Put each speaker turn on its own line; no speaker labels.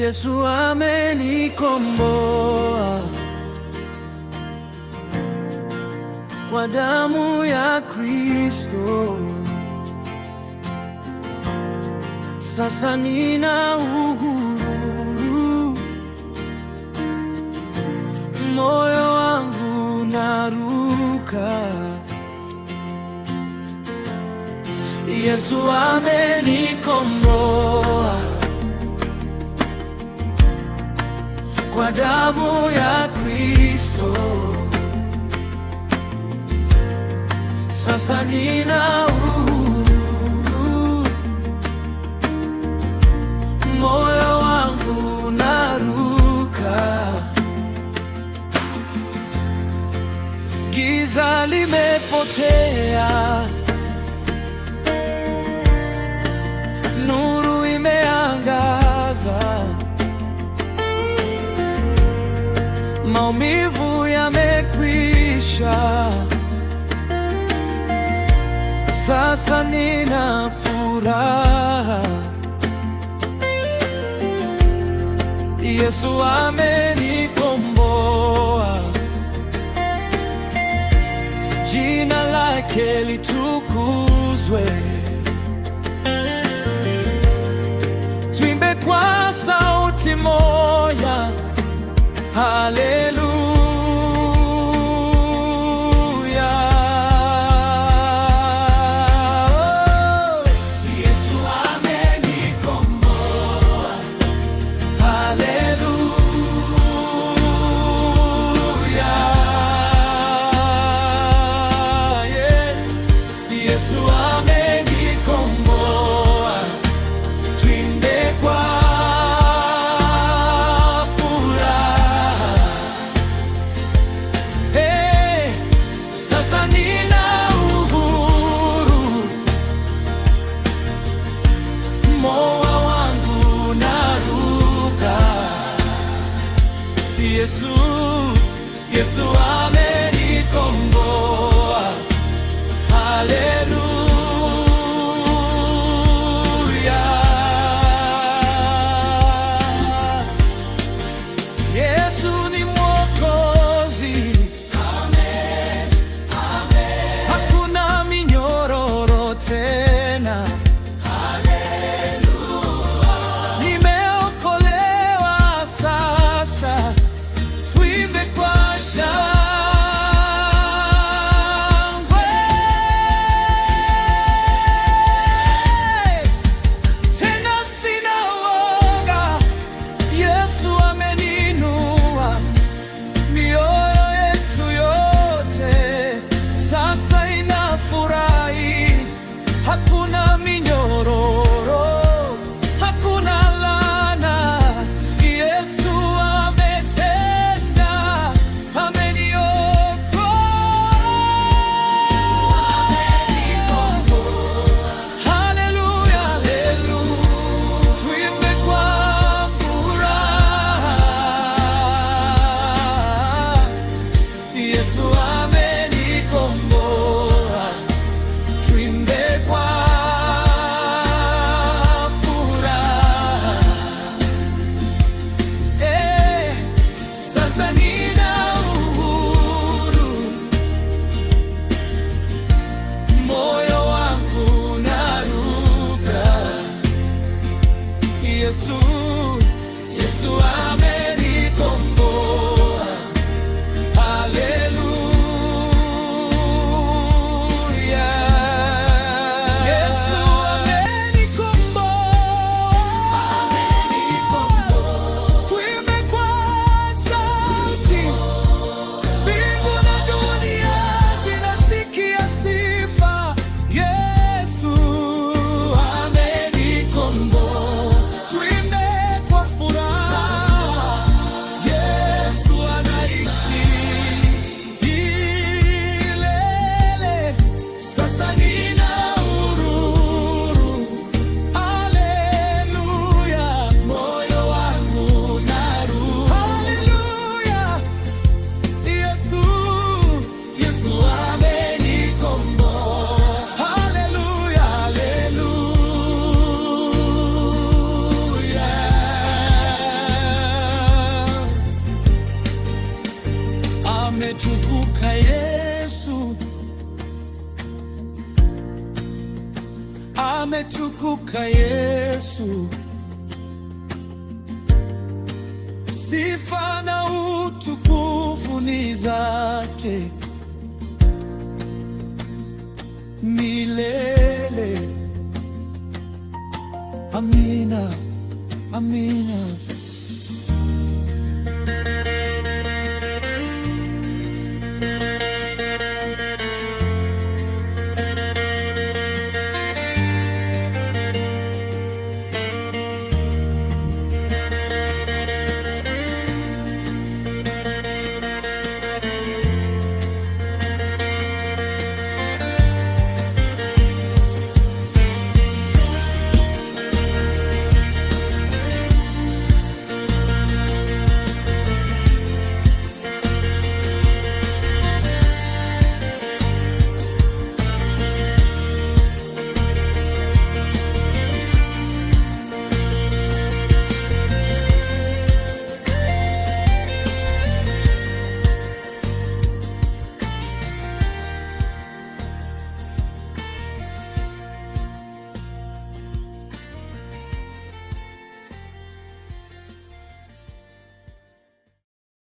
Yesu amenikomboa kwa damu ya Kristo. Sasa nina uhuru, moyo wangu naruka. Yesu amenikomboa damu ya Kristo, sasa nina uhuru, moyo wangu unaruka, giza limepotea. maisha. Sasa nina furaha, Yesu amenikomboa, jina lake litukuzwe. Twimbe kwa sauti moja, haleluya. kumkumbuka Yesu, ametukuka Yesu, sifa na utukufu ni zake milele. Amina, amina.